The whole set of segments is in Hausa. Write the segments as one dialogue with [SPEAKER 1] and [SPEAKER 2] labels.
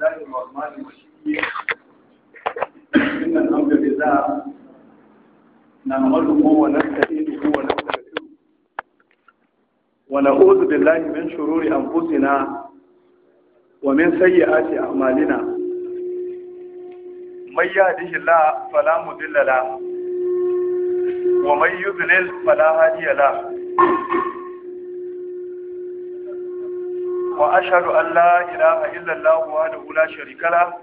[SPEAKER 1] الله الرحمن الرحيم إن الأمر بالله نعمله ونستعينه ونستغفره ونعوذ بالله من شرور أنفسنا ومن سيئات أعمالنا من يهده الله فلا مضل له ومن يضلل فلا هادي له وأشهد أن لا إله إلا الله وحده لا شريك له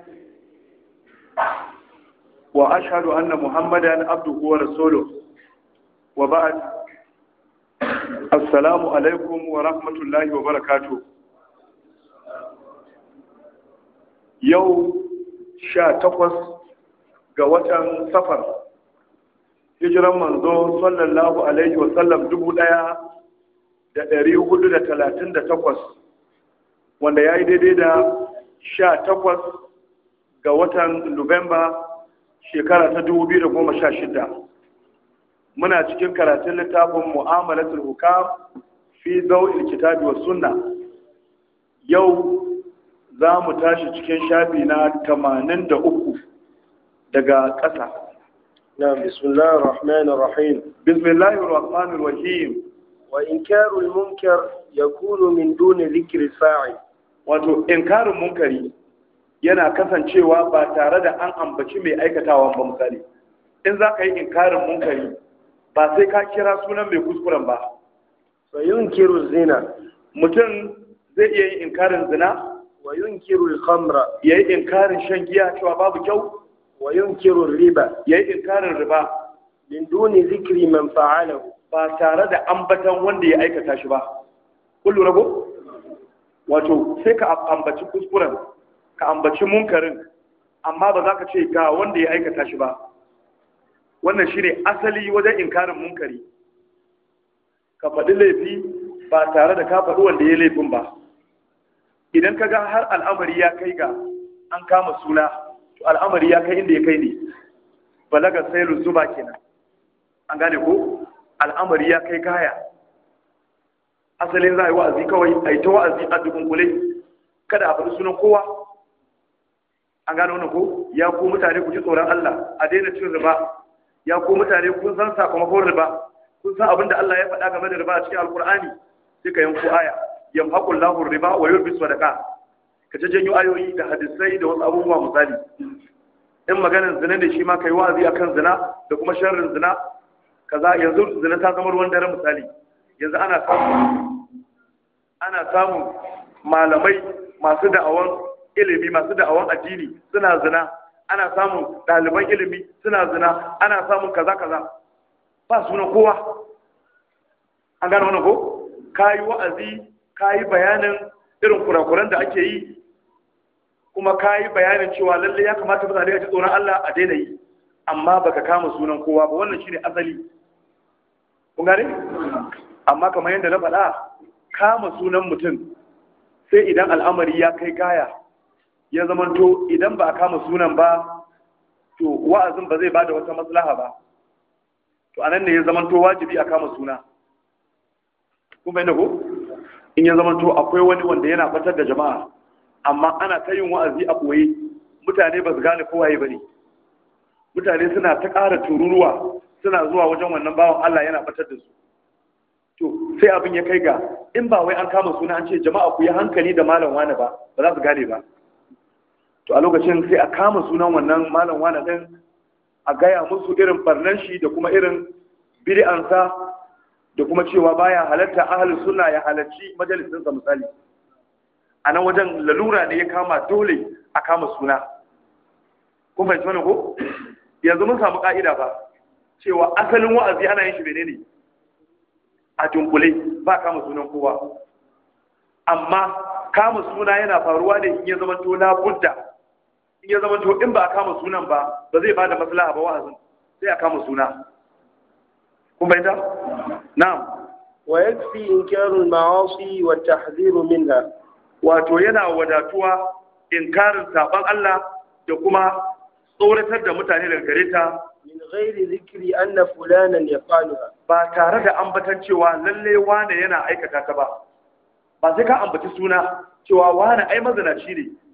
[SPEAKER 1] وأشهد أن محمدا wa ورسوله وبعد السلام عليكم ورحمة الله وبركاته Yau, sha takwas ga watan safar hijiran manzo sallallahu alaihi wasallam dubu ɗaya da 438 hudu da wanda ya yi daidai da sha takwas ga watan Nuwamba shekara ta dubu biyu da goma sha shida. muna cikin karatun littafin mu'amalatul hukam fi zau'il kitabi wa sunna yau za mu tashi cikin shafi na tamanin da uku daga ƙasa na bismillahir rahman rahim bismillahir rahmanir rahim wa inkarul munkar yakunu min duni dhikri sa'i wato inkarin munkari yana kasancewa ba tare da an ambaci mai aikatawa ba misali in za ka yi inkarin munkari ba sai ka kira sunan mai kuskuren ba yin yunkiru zina mutum zai iya yin inkarin zina wa yunkiru ya khamra in inkarin shan giya cewa babu kyau wa yunkiru riba ya yayi inkarin riba min duni zikri man ba tare da ambatan wanda ya aikata shi ba kullu wato sai ka ambaci kuskuren ka ambaci munkarin amma ba za ka ce ga wanda ya aikata shi ba wannan shi ne asali wajen inkarin munkari ka faɗi laifi ba tare da ka faɗi wanda ya laifin ba idan ka ga har al'amari ya kai ga an kama suna to al'amari ya kai inda ya kai ne balaga sai luzuba kenan an gane ko al'amari ya kai kaya asalin za a yi wa'azi kawai a yi ta wa'azi a kule kada a faɗi sunan kowa an gano wannan ko ya ku mutane ku ji tsoron Allah a daina cin riba ya ku mutane kun san sakamakon riba kun san abin da Allah ya faɗa game da riba a cikin alkur'ani sai ka yanku aya yamhaqu lahu riba wa yurbi sadaqa ka ce janyo ayoyi da hadisai da wasu abubuwa misali in maganar zina ne shi ma kai wa'azi akan zina da kuma sharrin zina kaza yanzu zina ta zama ruwan dare misali yanzu ana samun ana samu malamai masu da'awan ilimi masu da'awan addini suna zina ana samun ɗaliban ilimi suna zina ana samun kaza kaza ba sunan kowa an gane wannan ko kayi wa'azi kayi bayanin irin kurakuran da ake yi kuma kayi bayanin cewa lalle ya kamata mutane a ji tsoron Allah a daina yi amma baka kama sunan kowa ba wannan shine asali kun gane amma kamar yadda na faɗa kama sunan mutum sai idan al'amari ya kai kaya, ya zamanto idan ba a kama sunan ba to wa'azin ba zai bada wata maslaha ba to anan ne ya zamanto wajibi a kama suna kun bayyana ko in ya zamanto akwai wani wanda yana fatar da jama'a amma ana ta yin wa'azi a koyi mutane ba su gane kowaye ba ne mutane suna ta ƙara tururuwa suna zuwa wajen wannan bawan Allah yana fatar da su to sai abin ya kai ga in ba wai an kama suna an ce jama'a ku yi hankali da malam wani ba ba za su gane ba to a lokacin sai a kama sunan wannan malam wani din a gaya musu irin barnan shi da kuma irin bid'ansa da kuma cewa baya halatta ahli sunna ya halarci majalisin sa misali a nan wajen lalura ne ya kama dole a kama suna kun fahimci wani ko yanzu mun samu ka'ida ba cewa asalin wa'azi ana yin shi menene ne a tunkule ba kama sunan kowa amma kama suna yana faruwa ne in ya zama to budda in ya zama to in ba a kama sunan ba ba zai bada maslaha ba wa'azin sai a kama suna kun bayyana na'am wa yakfi inkarul ma'asi wa tahziru minha wato yana wadatuwa inkarin saban Allah da kuma tsoratar da mutane daga gareta. min ghairi zikri anna fulanan yaqaluha ba tare da ambatan cewa lalle wane yana aikata ta ba ba sai ka ambaci suna cewa wane ai mazinaci ne